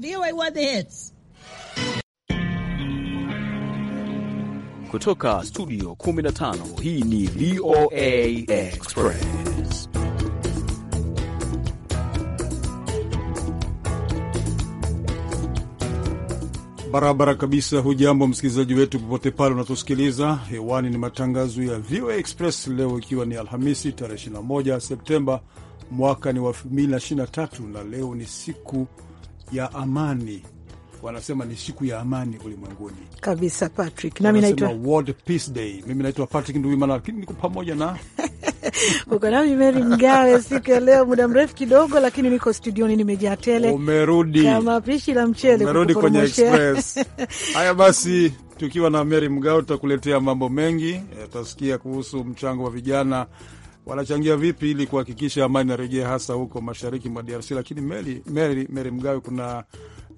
VOA the hits. Kutoka studio 15 hii ni VOA Express. Barabara kabisa. Hujambo msikilizaji wetu popote pale unatusikiliza hewani. Ni matangazo ya VOA Express leo, ikiwa ni Alhamisi tarehe 21 Septemba mwaka ni wa 2023 na leo ni siku ya amani wanasema ni siku ya amani ulimwenguni kabisa. Patrick, nami naitwa World Peace Day. Mimi naitwa Patrick Nduimana, lakini niko pamoja na uko nami Meri Mgawe siku ya leo, muda mrefu kidogo, lakini niko studioni nimejaa tele. Umerudi kama pishi la mchele, umerudi kwenye Express. Haya basi, tukiwa na Meri Mgawe tutakuletea mambo mengi, eh, tutasikia kuhusu mchango wa vijana wanachangia vipi ili kuhakikisha amani narejea hasa huko mashariki mwa DRC. Lakini Meri, Meri, Meri Mgawe, kuna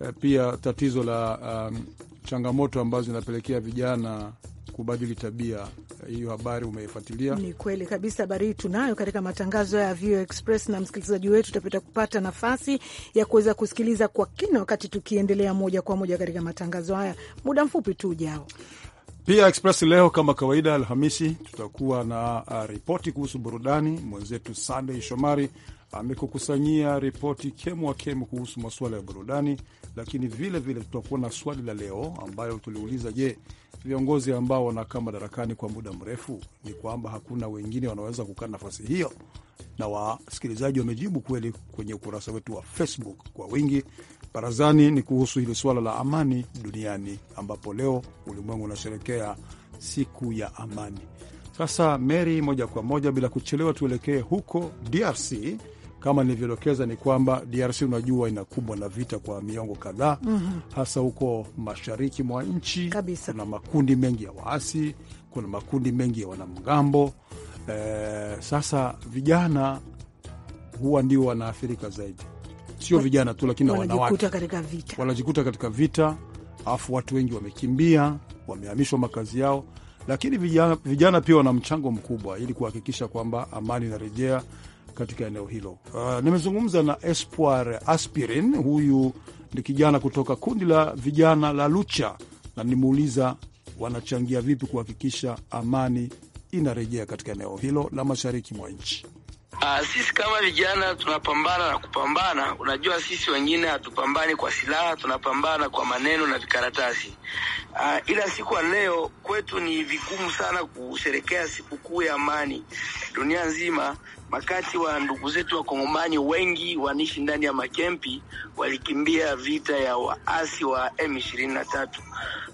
uh, pia tatizo la um, changamoto ambazo zinapelekea vijana kubadili tabia. Eh, hiyo habari umeifuatilia? Ni kweli kabisa, habari hii tunayo katika matangazo ya VOA Express, na msikilizaji wetu utapata kupata nafasi ya kuweza kusikiliza kwa kina wakati tukiendelea moja kwa moja katika matangazo haya muda mfupi tu ujao. Pia Express leo kama kawaida, Alhamisi tutakuwa na uh, ripoti kuhusu burudani. Mwenzetu Sandey Shomari amekukusanyia ripoti wa kemu kuhusu masuala ya burudani, lakini vile vile tutakuwa na swali la leo ambayo tuliuliza, je, viongozi ambao wanakaa madarakani kwa muda mrefu ni kwamba hakuna wengine wanaweza kukaa nafasi hiyo? Na wasikilizaji wamejibu kweli kwenye ukurasa wetu wa Facebook kwa wingi, Barazani ni kuhusu hili suala la amani duniani, ambapo leo ulimwengu unasherekea siku ya amani. Sasa Mary, moja kwa moja bila kuchelewa, tuelekee huko DRC. Kama nilivyodokeza ni kwamba DRC unajua inakumbwa na vita kwa miongo kadhaa, mm -hmm. hasa huko mashariki mwa nchi kabisa. Kuna makundi mengi ya waasi, kuna makundi mengi ya wanamgambo eh. Sasa vijana huwa ndio wanaathirika zaidi sio vijana tu, lakini na wanawake wanajikuta katika vita, alafu watu wengi wamekimbia, wamehamishwa makazi yao, lakini vijana, vijana pia wana mchango mkubwa ili kuhakikisha kwamba amani inarejea katika eneo hilo. Uh, nimezungumza na Espoir Aspirin, huyu ni kijana kutoka kundi la vijana la Lucha na nimuuliza wanachangia vipi kuhakikisha amani inarejea katika eneo hilo la mashariki mwa nchi. Aa, ah, sisi kama vijana tunapambana na kupambana. Unajua, sisi wengine hatupambani kwa silaha, tunapambana kwa maneno na vikaratasi. Aa, ah, ila siku ya leo kwetu ni vigumu sana kusherekea sikukuu ya amani dunia nzima, makati wa ndugu zetu wakongomani wengi wanishi ndani ya makempi, walikimbia vita ya waasi wa M23.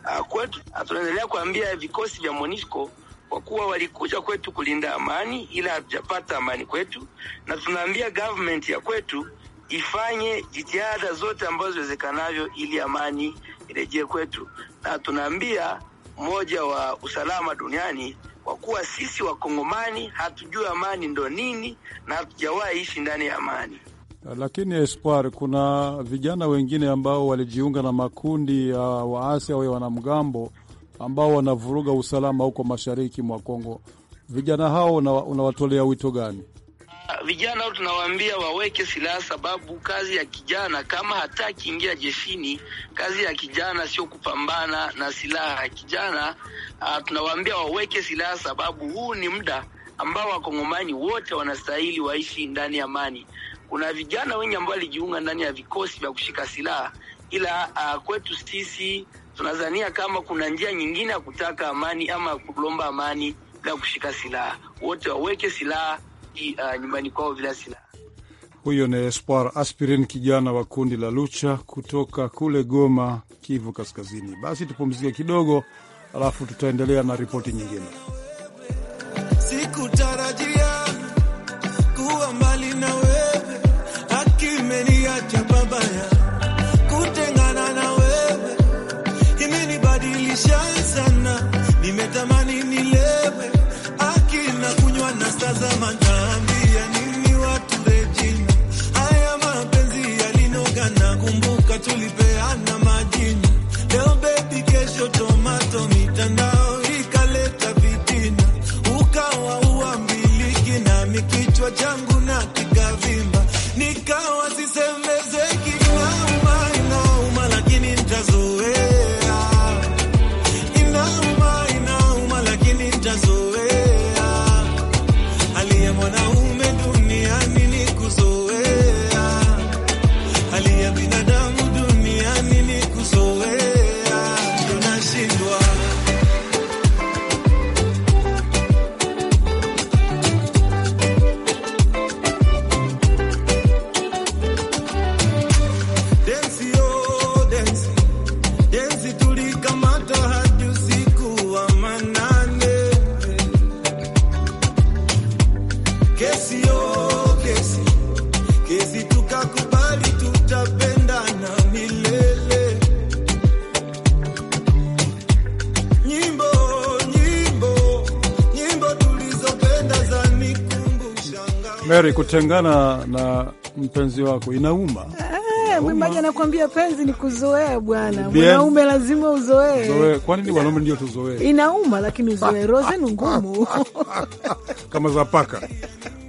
Ah, kwetu tunaendelea kuambia vikosi vya MONUSCO kwa kuwa walikuja kwetu kulinda amani, ila hatujapata amani kwetu, na tunaambia government ya kwetu ifanye jitihada zote ambazo ziwezekanavyo ili amani irejee kwetu, na tunaambia mmoja wa usalama duniani kwa kuwa sisi Wakongomani hatujui amani ndo nini na hatujawahi ishi ndani ya amani. Lakini Espoir, kuna vijana wengine ambao walijiunga na makundi ya waasi au ya wanamgambo ambao wanavuruga usalama huko mashariki mwa Kongo. Vijana hao unawatolea wito gani? Ah, vijana hao tunawaambia waweke silaha, sababu kazi ya kijana kama hataki ingia jeshini, kazi ya kijana sio kupambana na silaha ya kijana. Uh, tunawaambia waweke silaha, sababu huu ni muda ambao wakongomani wote wanastahili waishi ndani ya amani. Kuna vijana wengi ambao walijiunga ndani ya vikosi vya kushika silaha, ila uh, kwetu sisi tunadhania kama kuna njia nyingine ya kutaka amani ama kulomba amani bila kushika silaha. Wote waweke silaha uh, nyumbani kwao bila silaha. Huyo ni Espoir Aspirin, kijana wa kundi la Lucha kutoka kule Goma, Kivu Kaskazini. Basi tupumzike kidogo, alafu tutaendelea na ripoti nyingine. Mary, kutengana na mpenzi wako inauma. Eh, mwimbaji anakuambia penzi ni kuzoea bwana, mwanaume lazima uzoee. Kwa nini wanaume ndio tuzoee? Inauma lakini uzoee, roze ni ngumu kama za paka.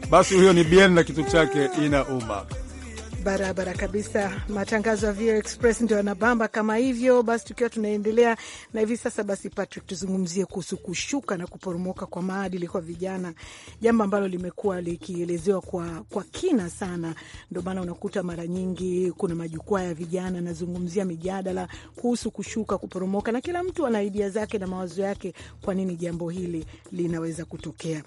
Basi huyo ni Bien na kitu chake inauma. Barabara kabisa, matangazo ya VOA Express ndio yanabamba kama hivyo. Basi tukiwa tunaendelea na hivi sasa, basi Patrick, tuzungumzie kuhusu kushuka na kuporomoka kwa maadili kwa vijana, jambo ambalo limekuwa likielezewa kwa, kwa kina sana. Ndio maana unakuta mara nyingi kuna majukwaa ya vijana anazungumzia mijadala kuhusu kushuka, kuporomoka, na kila mtu ana idea zake na mawazo yake, kwa nini jambo hili linaweza kutokea.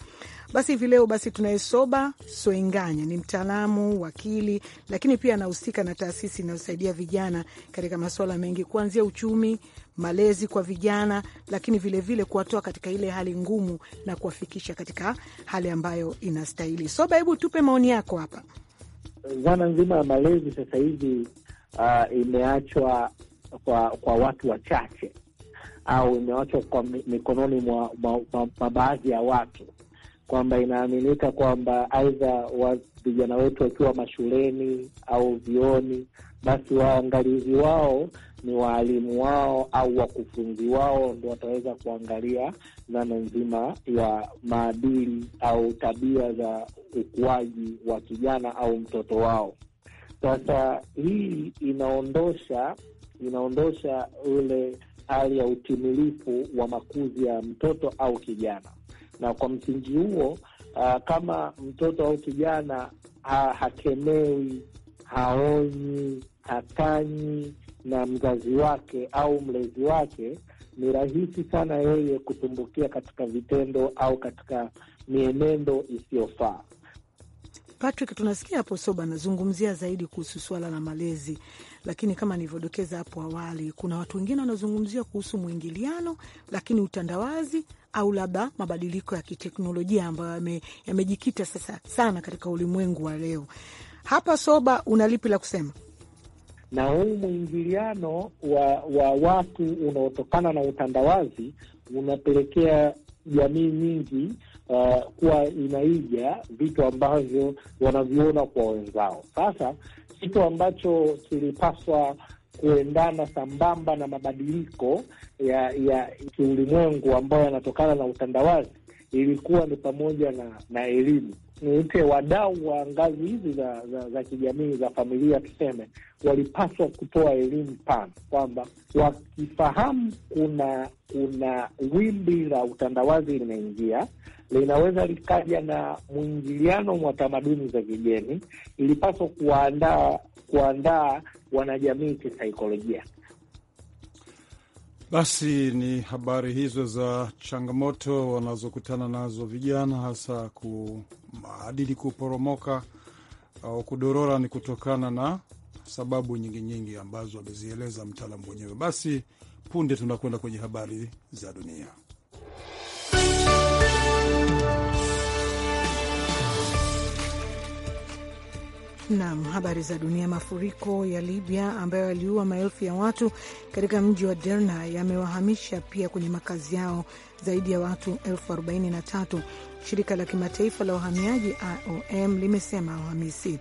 Basi hivi leo basi tunaye Soba Soinganya, ni mtaalamu wakili, lakini pia anahusika na taasisi inayosaidia vijana katika masuala mengi, kuanzia uchumi, malezi kwa vijana, lakini vilevile kuwatoa katika ile hali ngumu na kuwafikisha katika hali ambayo inastahili. Soba, hebu tupe maoni yako hapa. Dhana nzima ya malezi sasa hivi uh, imeachwa kwa kwa watu wachache au imeachwa kwa mikononi mwa baadhi ya watu kwamba inaaminika kwamba aidha vijana wetu wakiwa mashuleni au vioni, basi waangalizi wao ni waalimu wao au wakufunzi wao, ndo wataweza kuangalia dhana nzima ya maadili au tabia za ukuaji wa kijana au mtoto wao. Sasa hii inaondosha inaondosha ule hali ya utimilifu wa makuzi ya mtoto au kijana na kwa msingi huo uh, kama mtoto au kijana ha, hakemewi, haonyi, hakanyi na mzazi wake au mlezi wake, ni rahisi sana yeye kutumbukia katika vitendo au katika mienendo isiyofaa. Patrick, tunasikia hapo Soba anazungumzia zaidi kuhusu swala la malezi, lakini kama nilivyodokeza hapo awali, kuna watu wengine wanazungumzia kuhusu mwingiliano, lakini utandawazi au labda mabadiliko ya kiteknolojia ambayo yamejikita sasa sana katika ulimwengu wa leo. Hapa Soba, una lipi la kusema? Na huu mwingiliano wa, wa watu unaotokana na utandawazi unapelekea jamii nyingi uh, kuwa inaiga vitu ambavyo wanaviona kwa wenzao. Sasa kitu ambacho kilipaswa kuendana sambamba na mabadiliko ya ya kiulimwengu ambayo yanatokana na utandawazi ilikuwa ni pamoja na na elimu. Niite wadau wa ngazi hizi za, za, za kijamii za familia, tuseme, walipaswa kutoa elimu pana, kwamba wakifahamu kuna kuna wimbi la utandawazi linaingia linaweza likaja na mwingiliano wa tamaduni za kigeni, ilipaswa kuwaandaa kuandaa wanajamii kisaikolojia. Basi ni habari hizo za changamoto wanazokutana nazo vijana, hasa kumaadili kuporomoka au kudorora, ni kutokana na sababu nyingi nyingi ambazo amezieleza mtaalamu wenyewe Basi punde tunakwenda kwenye habari za dunia. Nam, habari za dunia. Mafuriko ya Libya ambayo yaliua maelfu ya watu katika mji wa Derna yamewahamisha pia kwenye makazi yao zaidi ya watu elfu arobaini na tatu, shirika la kimataifa la uhamiaji IOM limesema Alhamisi.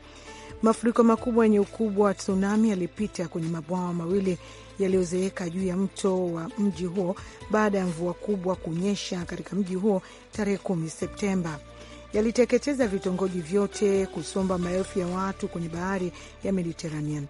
Mafuriko makubwa yenye ukubwa wa tsunami yalipita kwenye mabwawa mawili yaliyozeeka juu ya mto wa mji huo baada ya mvua kubwa kunyesha katika mji huo tarehe 1 Septemba yaliteketeza vitongoji vyote, kusomba maelfu ya watu kwenye bahari ya Mediterranean.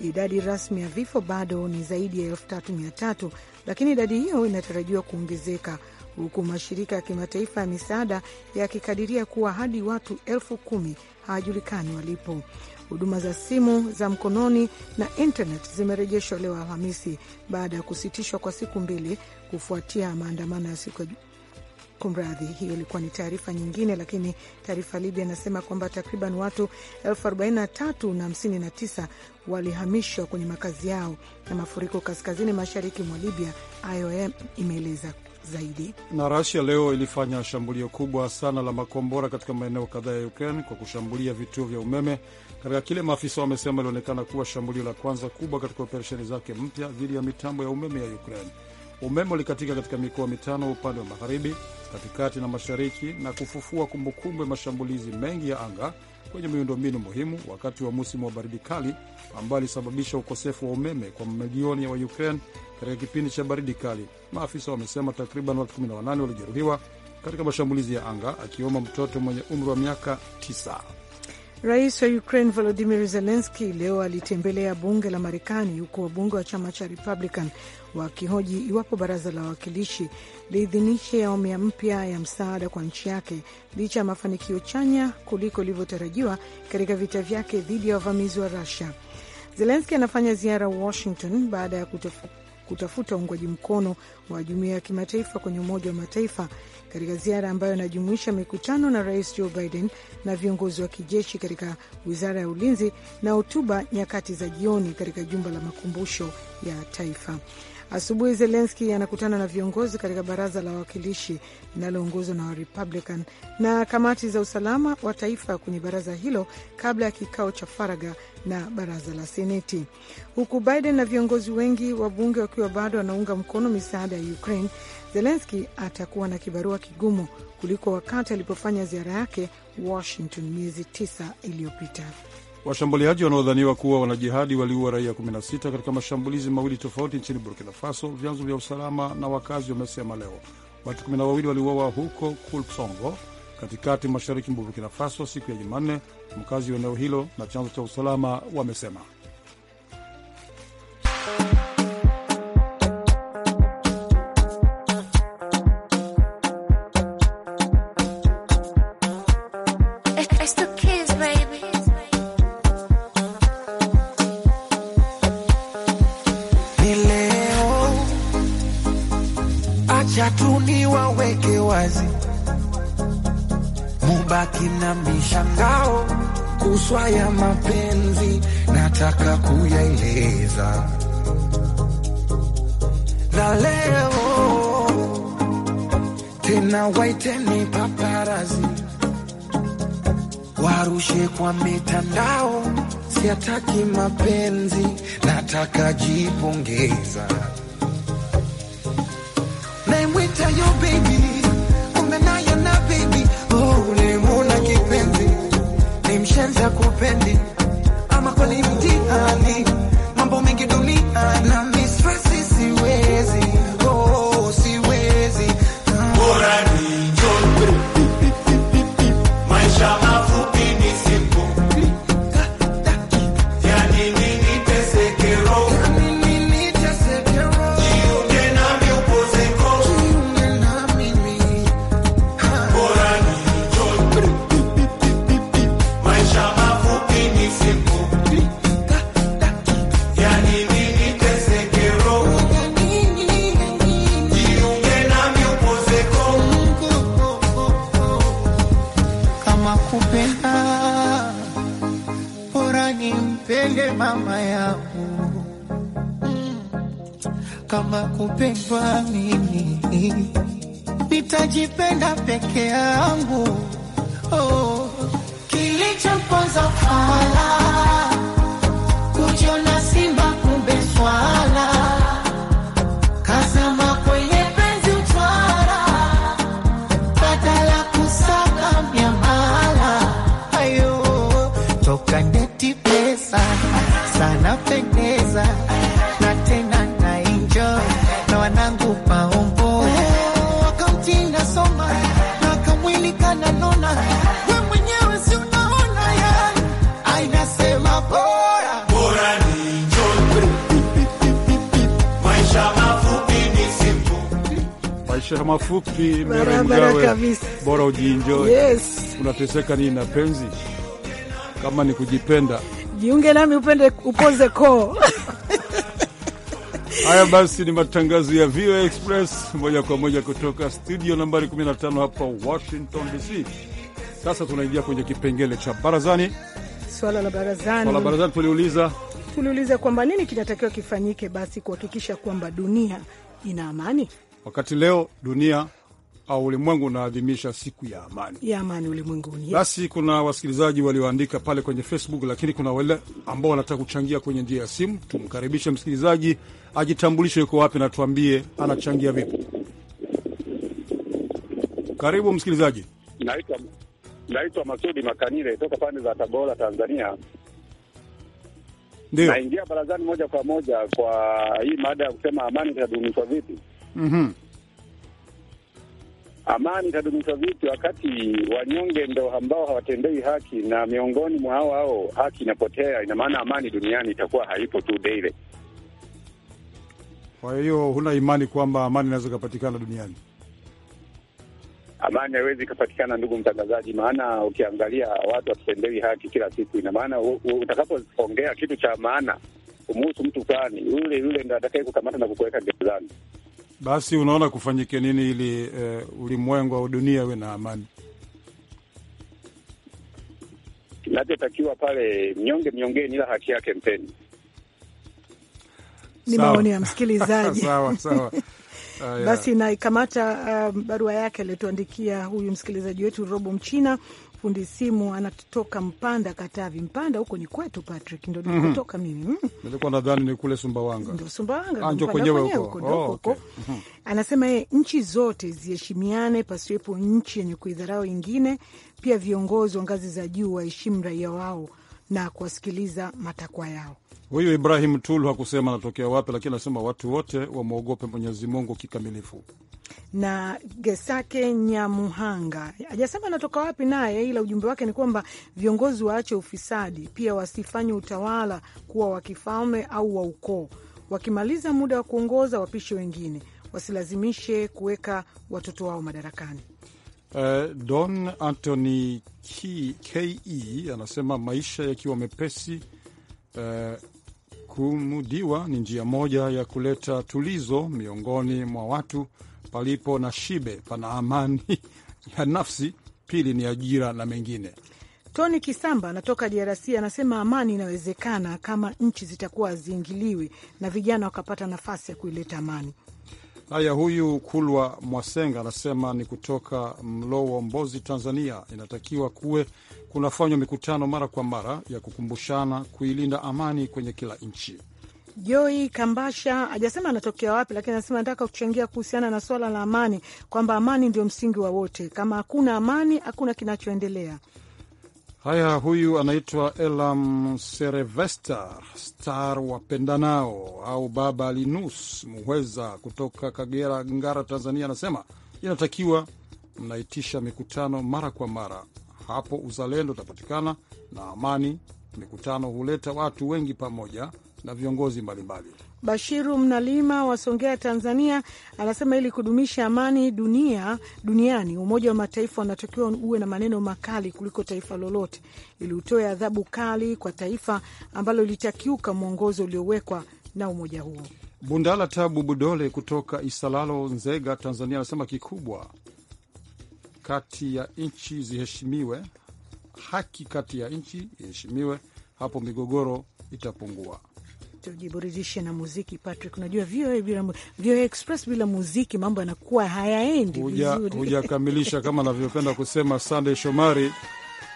Idadi rasmi ya vifo bado ni zaidi ya elfu tatu mia tatu lakini idadi hiyo inatarajiwa kuongezeka huku mashirika ya kimataifa ya misaada yakikadiria kuwa hadi watu elfu kumi hawajulikani walipo. Huduma za simu za mkononi na intanet zimerejeshwa leo Alhamisi baada ya kusitishwa kwa siku mbili kufuatia maandamano ya siku Kumradhi, hiyo ilikuwa ni taarifa nyingine, lakini taarifa Libya inasema kwamba takriban watu 43,059 walihamishwa kwenye makazi yao na mafuriko kaskazini mashariki mwa Libya, IOM imeeleza zaidi. Na Rasia leo ilifanya shambulio kubwa sana la makombora katika maeneo kadhaa ya Ukraine kwa kushambulia vituo vya umeme katika kile maafisa wamesema ilionekana kuwa shambulio la kwanza kubwa katika operesheni zake mpya dhidi ya mitambo ya umeme ya Ukraine. Umeme ulikatika katika mikoa mitano upande wa magharibi, katikati na mashariki na kufufua kumbukumbu ya mashambulizi mengi ya anga kwenye miundombinu muhimu wakati wa musimu wa baridi kali ambayo ilisababisha ukosefu wa umeme kwa mamilioni ya wa katika kipindi cha baridi kali. Maafisa wamesema takriban watu 18 walijeruhiwa katika mashambulizi ya anga akiwemo mtoto mwenye umri wa miaka 9. Rais wa Ukraine Volodimir Zelenski leo alitembelea bunge la Marekani, huku wabunge wa chama cha Republican wakihoji iwapo baraza la wawakilishi liidhinishe awamu ya mpya ya msaada kwa nchi yake licha ya mafanikio chanya kuliko ilivyotarajiwa katika vita vyake dhidi ya wavamizi wa Rusia. Zelenski anafanya ziara Washington baada ya kutofu kutafuta uungwaji mkono wa jumuiya ya kimataifa kwenye Umoja wa Mataifa katika ziara ambayo inajumuisha mikutano na Rais Joe Biden na viongozi wa kijeshi katika wizara ya ulinzi na hotuba nyakati za jioni katika jumba la makumbusho ya taifa. Asubuhi Zelenski anakutana na viongozi katika baraza la wawakilishi linaloongozwa na Warepublican na kamati za usalama wa taifa kwenye baraza hilo kabla ya kikao cha faraga na baraza la Seneti, huku Biden na viongozi wengi wa bunge wakiwa bado wanaunga mkono misaada ya Ukraine. Zelenski atakuwa na kibarua kigumu kuliko wakati alipofanya ziara yake Washington miezi tisa iliyopita. Washambuliaji wanaodhaniwa kuwa wanajihadi waliua raia 16 katika mashambulizi mawili tofauti nchini Burkina Faso, vyanzo vya usalama na wakazi wamesema leo. Watu 12 waliuawa huko Kulsongo, katikati mashariki mwa Burkina Faso siku ya Jumanne, mkazi wa eneo hilo na chanzo cha usalama wamesema. arushe kwa mitandao, siataki mapenzi, nataka jipongeza. Naimwita yo baby, kumbe nayo na baby, oh, kipenzi, ni mshenza kupendi ama kweli mtihani mama yangu, kama kupendwa mimi nitajipenda peke yangu. Oh, kilichoponza kala maisha mafupi, mgawe bora ujienjoy. Yes. Unateseka nini na penzi? Kama ni kujipenda, jiunge nami upende upoze koo. Haya basi, ni matangazo ya VOA Express moja kwa moja kutoka studio nambari 15 hapa Washington DC. Sasa tunaingia kwenye kipengele cha barazani. Swala la barazani, swala la barazani tuliuliza tuliuliza kwamba nini kinatakiwa kifanyike basi kuhakikisha kwamba dunia ina amani. Wakati leo dunia au ulimwengu unaadhimisha siku ya amani ya amani ulimwenguni, basi kuna wasikilizaji walioandika pale kwenye Facebook, lakini kuna wale ambao wanataka kuchangia kwenye njia ya simu. Tumkaribishe msikilizaji ajitambulishe, yuko wapi na tuambie anachangia vipi. Karibu msikilizaji. Naitwa, naitwa Masudi Makanile toka pande za Tabora, Tanzania. Ndio naingia barazani moja kwa moja kwa hii mada ya kusema amani itadumishwa vipi mm-hmm. Amani itadumishwa vipi wakati wanyonge ndo ambao hawatendei haki, na miongoni mwa hao hao haki inapotea? Ina maana amani duniani itakuwa haipo tu daily. Kwa hiyo huna imani kwamba amani inaweza ikapatikana duniani? Amani haiwezi ikapatikana, ndugu mtangazaji, maana ukiangalia watu wakitendei haki kila siku. Ina maana utakapoongea kitu cha maana kumuhusu mtu fulani, yule yule ndo atakaye kukamata na kukuweka gerezani. Basi unaona kufanyike nini ili uh, ulimwengu au dunia uwe na amani? Kinachotakiwa pale, mnyonge mnyongeni, ila haki yake mpeni. Ni maoni ya msikilizaji. Sawa sawa. Ah, Basi naikamata uh, barua yake aliyotuandikia huyu msikilizaji wetu Robo Mchina fundi simu anatoka Mpanda, Katavi. Mpanda huko ni kwetu, Patrick, ndo nikutoka mhm. mm -hmm. mimi mm. nilikuwa nadhani ni kule Sumbawanga, ndo Sumbawanga ah, anjo kwenyewe huko oh, okay. mm -hmm. Anasema ye eh, nchi zote ziheshimiane, pasiwepo nchi yenye kuidharau ingine. Pia viongozi wa ngazi za juu waheshimu raia wao na kuwasikiliza matakwa yao. Huyu Ibrahim Tulu hakusema anatokea wapi, lakini anasema watu wote wamwogope Mwenyezi Mungu kikamilifu. Na Gesake Nyamuhanga hajasema anatoka wapi naye, ila ujumbe wake ni kwamba viongozi waache ufisadi, pia wasifanye utawala kuwa wa kifalme au wa ukoo. Wakimaliza muda wa kuongoza, wapishe wengine, wasilazimishe kuweka watoto wao madarakani. Eh, Don Anthony ke anasema maisha yakiwa mepesi uh, kumudiwa ni njia moja ya kuleta tulizo miongoni mwa watu. Palipo na shibe pana amani ya nafsi. Pili ni ajira na mengine. Tony Kisamba anatoka DRC anasema amani inawezekana kama nchi zitakuwa haziingiliwi na vijana wakapata nafasi ya kuileta amani. Haya, huyu Kulwa Mwasenga anasema ni kutoka Mlowo, Mbozi, Tanzania. Inatakiwa kuwe kunafanywa mikutano mara kwa mara ya kukumbushana kuilinda amani kwenye kila nchi. Joi Kambasha ajasema anatokea wapi, lakini anasema nataka kuchangia kuhusiana na swala la amani, kwamba amani ndio msingi wa wote. Kama hakuna amani, hakuna kinachoendelea. Haya, huyu anaitwa Elam Serevester Star wapendanao au Baba Linus Muweza kutoka Kagera, Ngara, Tanzania, anasema inatakiwa mnaitisha mikutano mara kwa mara, hapo uzalendo utapatikana na amani. Mikutano huleta watu wengi pamoja na viongozi mbalimbali. Bashiru Mnalima wa Songea, Tanzania, anasema ili kudumisha amani dunia duniani Umoja wa Mataifa unatakiwa uwe na maneno makali kuliko taifa lolote, ili utoe adhabu kali kwa taifa ambalo litakiuka mwongozo uliowekwa na umoja huo. Bundala Tabu Budole kutoka Isalalo, Nzega, Tanzania, anasema kikubwa kati ya nchi ziheshimiwe, haki kati ya nchi iheshimiwe, hapo migogoro itapungua tujiburudishe na muziki Patrick. Unajua VOA bila VOA Express bila muziki mambo yanakuwa hayaendi vizuri, hujakamilisha kama anavyopenda kusema Sunday Shomari,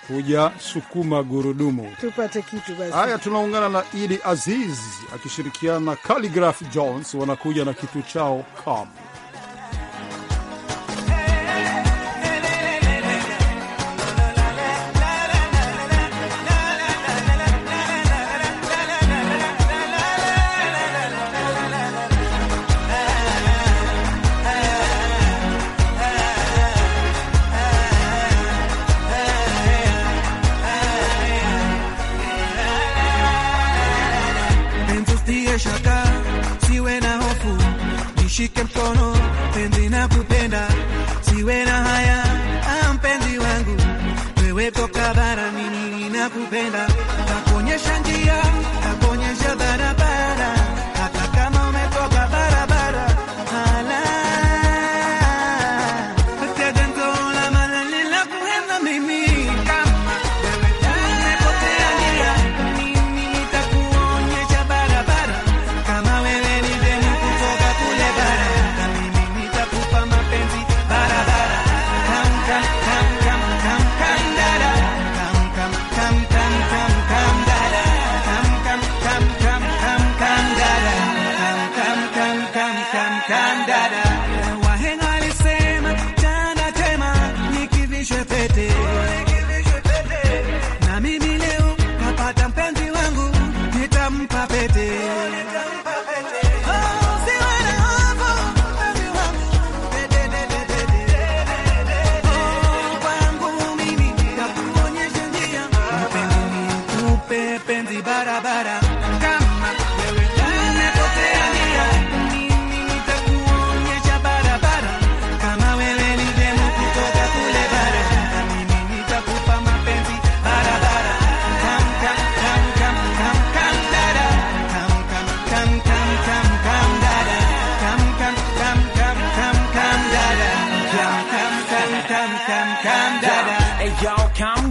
hujasukuma gurudumu. Tupate kitu basi. Haya, tunaungana na Idi Aziz akishirikiana na Khaligraph Jones, wanakuja na kitu chao Come. come, come, come, come, come, come, come, come, come, come,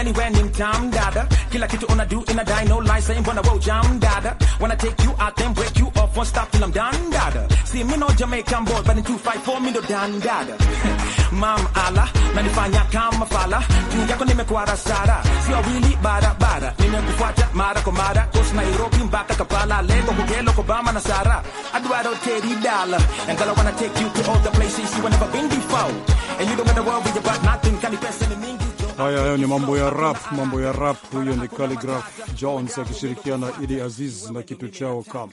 yani when in town dada to wanna do in a die no lies. saying wanna roll jam dada wanna take you out then break you off one stop till I'm done dada see me no Jamaican boy but in 254 me no man dada mam ala nanifanya kama fala juu yako nimekuwa rasara sio wili barabara nimekufuata mara kwa mara coast Nairobi mpaka Kampala lengo kugelo Obama na Sara Eduardo Teddy Dollar and girl I wanna take you to all the places you have never been before and you don't gotta worry about nothing can be passing the mingi Haya, hayo ni mambo ya rap, mambo ya rap. Huyo ni caligraph Jones akishirikiana Idi Aziz na kitu chao kam.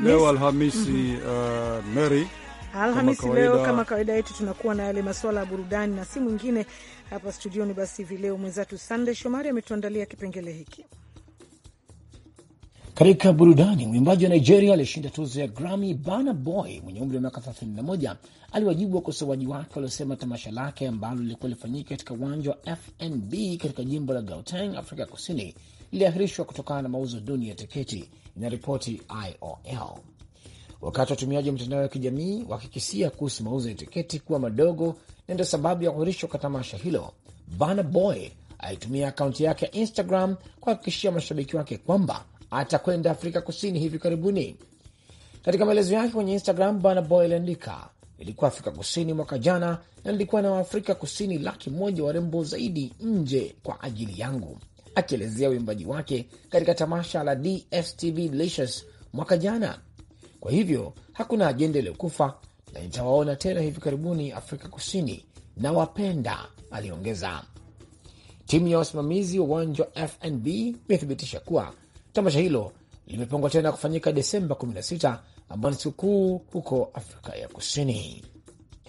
Leo Alhamisi mm -hmm. uh, Mary Alhamisi kama leo kama kawaida yetu tunakuwa na yale masuala ya burudani na si mwingine hapa studioni. Basi hivi leo mwenzetu Sande Shomari ametuandalia kipengele hiki. Katika burudani, mwimbaji wa Nigeria aliyeshinda tuzo ya Grammy Burna Boy mwenye umri wa miaka 31 aliwajibu wakosoaji wake waliosema tamasha lake ambalo lilikuwa lifanyika katika uwanja wa FNB katika jimbo la Gauteng, Afrika ya Kusini, liliahirishwa kutokana na mauzo duni ya tiketi, inaripoti IOL. Wakati watumiaji wa mitandao ya kijamii wakikisia kuhusu mauzo ya tiketi kuwa madogo na ndio sababu ya kuahirishwa kwa tamasha hilo, Burna Boy alitumia akaunti yake ya Instagram kuhakikishia mashabiki wake kwamba atakwenda Afrika Kusini hivi karibuni. Katika maelezo yake kwenye Instagram, Bwana Boy aliandika, nilikuwa Afrika Kusini mwaka jana na nilikuwa na Waafrika Kusini laki moja warembo zaidi nje kwa ajili yangu, akielezea uimbaji wake katika tamasha la DSTV Delicious mwaka jana. Kwa hivyo hakuna ajenda iliyokufa na nitawaona tena hivi karibuni Afrika Kusini na wapenda, aliongeza. Timu ya wasimamizi wa uwanja wa FNB imethibitisha kuwa Tamasha hilo limepangwa tena kufanyika Desemba 16 ambayo ni sikukuu huko Afrika ya Kusini.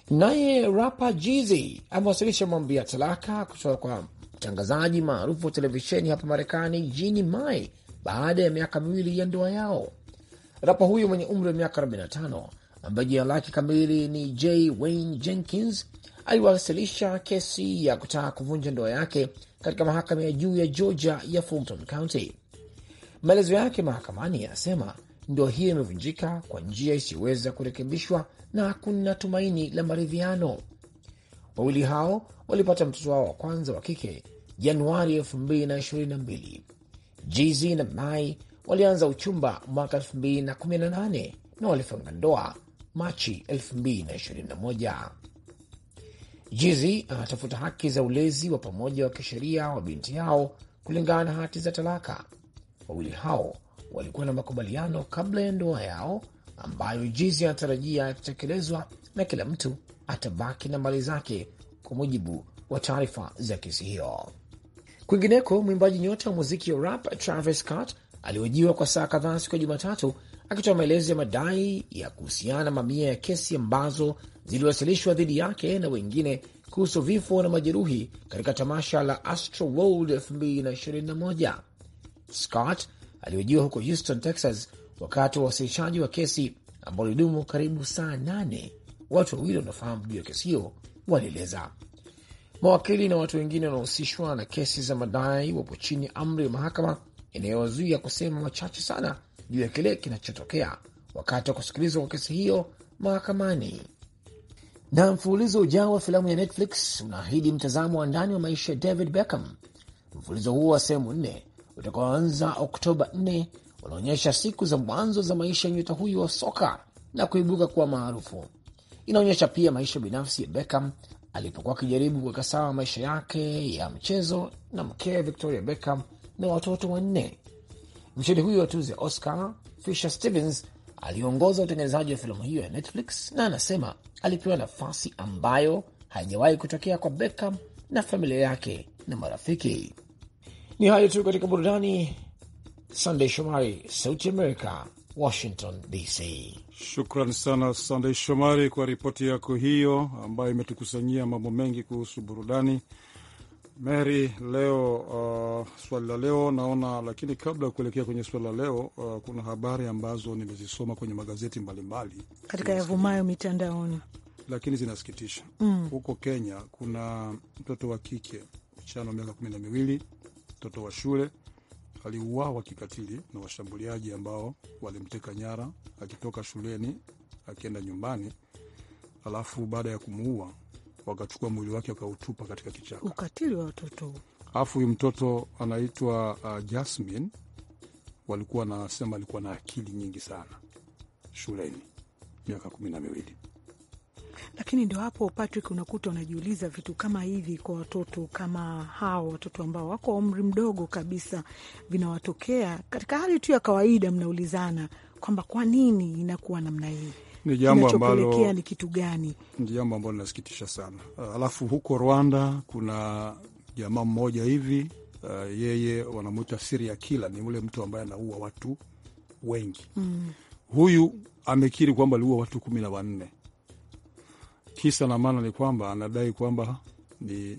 Naye rapa Jeezy amewasilisha mambo ya talaka kutoka kwa mtangazaji maarufu wa televisheni hapa Marekani, Jini Mai, baada ya miaka miwili ya ndoa yao. Rapa huyo mwenye umri wa miaka 45 ambaye jina lake kamili ni J Wayne Jenkins aliwasilisha kesi ya kutaka kuvunja ndoa yake katika mahakama ya juu ya Georgia ya Fulton County. Maelezo yake mahakamani yanasema ndoa hiyo imevunjika kwa njia isiyoweza kurekebishwa na hakuna tumaini la maridhiano. Wawili hao walipata mtoto wao wa kwanza wa kike Januari 2022. Jizi na Mai walianza uchumba mwaka 2018 na walifunga ndoa Machi 2021. Jizi anatafuta haki za ulezi wa pamoja wa kisheria wa binti yao kulingana na hati za talaka Wawili hao walikuwa na makubaliano kabla ya ndoa yao ambayo Jizi anatarajia yatatekelezwa na kila mtu atabaki na mali zake, kwa mujibu wa taarifa za kesi hiyo. Kwingineko, mwimbaji nyota wa muziki wa rap Travis Scott aliojiwa kwa saa kadhaa siku ya Jumatatu akitoa maelezo ya madai ya kuhusiana na mamia ya kesi ambazo ziliwasilishwa dhidi yake na wengine kuhusu vifo na majeruhi katika tamasha la Astro World 2021. Scott aliojiwa huko Houston, Texas, wakati wa wasilishaji wa kesi ambao lidumu karibu saa nane. Watu wawili wanaofahamu juu ya kesi hiyo walieleza. Mawakili na watu wengine wanaohusishwa na kesi za madai wapo chini amri ya mahakama inayowazuia kusema machache sana juu ya kile kinachotokea wakati wa kusikilizwa kwa kesi hiyo mahakamani. Na mfululizo ujao wa filamu ya Netflix unaahidi mtazamo wa ndani wa maisha ya David Beckham. Mfululizo huo wa sehemu nne utakaoanza Oktoba 4 unaonyesha siku za mwanzo za maisha ya nyota huyu wa soka na kuibuka kuwa maarufu. Inaonyesha pia maisha binafsi ya Beckham alipokuwa akijaribu kuweka sawa maisha yake ya mchezo na mkee Victoria Beckham na watoto wanne. Mshindi huyo wa tuzo ya Oscar Fisher Stevens aliongoza utengenezaji wa filamu hiyo ya Netflix na anasema alipewa nafasi ambayo haijawahi kutokea kwa Beckham na familia yake na marafiki. Ni hayo tu katika burudani. Sandey Shomari, Sauti America, Washington DC. Shukran sana Sandey Shomari kwa ripoti yako hiyo ambayo imetukusanyia mambo mengi kuhusu burudani. Mary, leo uh, swali la leo naona, lakini kabla ya kuelekea kwenye swali la leo uh, kuna habari ambazo nimezisoma kwenye magazeti mbalimbali katika yavumayo mitandaoni, lakini zinasikitisha. Mm. Huko mm. Kenya kuna mtoto wa kike mchana wa miaka kumi na miwili mtoto wa shule aliuawa kikatili na washambuliaji ambao walimteka nyara akitoka shuleni akienda nyumbani, alafu baada ya kumuua wakachukua mwili wake wakautupa katika kichaka. Ukatili wa watoto. Alafu huyu mtoto anaitwa uh, Jasmine, walikuwa nasema alikuwa na akili nyingi sana shuleni, miaka kumi na miwili. Lakini ndio hapo Patrick, unakuta unajiuliza vitu kama hivi kwa watoto kama hao, watoto ambao wako umri mdogo kabisa, vinawatokea katika hali tu ya kawaida. Mnaulizana kwamba kwa nini inakuwa namna hii, ni jambo ambalo ni kitu gani? Ni jambo ambalo linasikitisha sana. Uh, alafu huko Rwanda kuna jamaa mmoja hivi Uh, yeye wanamwita siria kila ni ule mtu ambaye anaua watu wengi mm. Huyu amekiri kwamba aliua watu kumi na wanne Kisa na maana ni kwamba anadai kwamba ni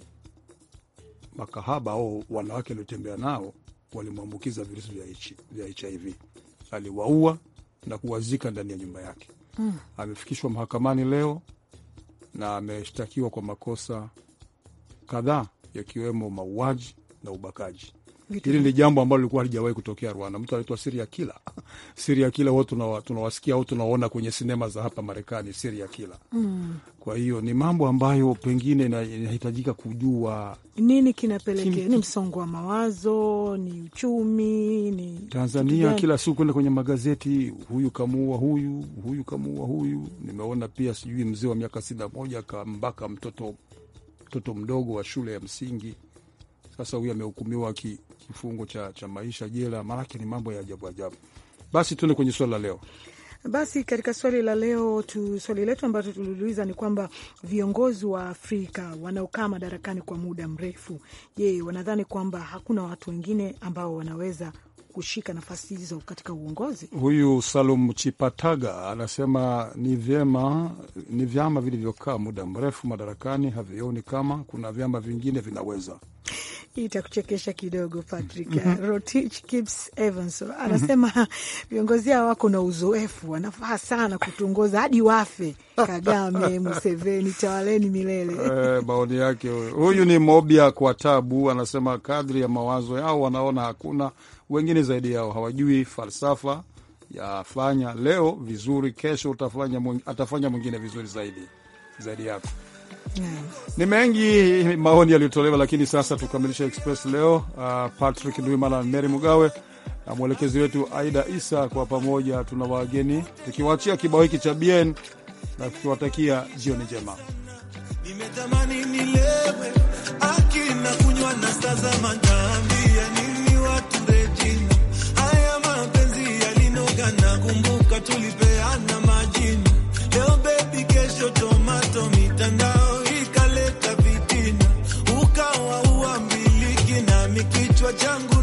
makahaba au wanawake aliotembea nao walimwambukiza virusi vya HIV. Aliwaua na kuwazika ndani ya nyumba yake. Mm. Amefikishwa mahakamani leo na ameshtakiwa kwa makosa kadhaa yakiwemo mauaji na ubakaji. Hili ni jambo ambalo lilikuwa halijawahi kutokea Rwanda. Mtu anaitwa Siria Kila. Siria kila wote tunawasikia au tunaona kwenye sinema za hapa Marekani, Siria Kila. Mm. Kwa hiyo ni mambo ambayo pengine inahitajika kujua nini kinapelekea Kim... ni msongo wa mawazo, ni uchumi, ni Tanzania kila siku kwenda kwenye magazeti, huyu kamuua huyu, huyu kamuua huyu. Nimeona pia sijui mzee wa miaka sitini na moja kambaka mtoto mtoto mdogo wa shule ya msingi. Sasa huyu amehukumiwa kifungo cha, cha maisha jela, maanake ni mambo ya ajabu ajabu. Basi tuende kwenye swali la leo. Basi katika swali la leo tu, swali letu ambalo tuliuliza ni kwamba viongozi wa Afrika wanaokaa madarakani kwa muda mrefu, je, wanadhani kwamba hakuna watu wengine ambao wanaweza kushika nafasi hizo katika uongozi. Huyu Salum Chipataga anasema ni vyema, ni vyama vilivyokaa muda mrefu madarakani havioni kama kuna vyama vingine vinaweza Itakuchekesha kidogo Patrick. Mhm. Eh, Rotich Kips Evans anasema mhm. viongozi hao wako na uzoefu, wanafaa sana kutuongoza hadi wafe. Kagame, Museveni, tawaleni milele. Eh, maoni yake huyu ni Mobia kwa tabu, anasema kadri ya mawazo yao wanaona hakuna wengine zaidi yao, hawajui falsafa ya fanya leo vizuri, kesho utafanya, atafanya mwingine vizuri zaidi zaidi yako. Ni mengi maoni yaliyotolewa, lakini sasa tukamilisha Express leo. Uh, Patrick Ndwimana, Mary Mugawe na mwelekezi wetu Aida Isa, kwa pamoja tuna wageni, tukiwaachia kibao hiki cha Bien na tukiwatakia jioni njema. Nimetamani nilewe kunywa na nini watu rejina, haya mapenzi yalinoga na kumbuka tulipeana majina, leo kesho tomato kichwa changu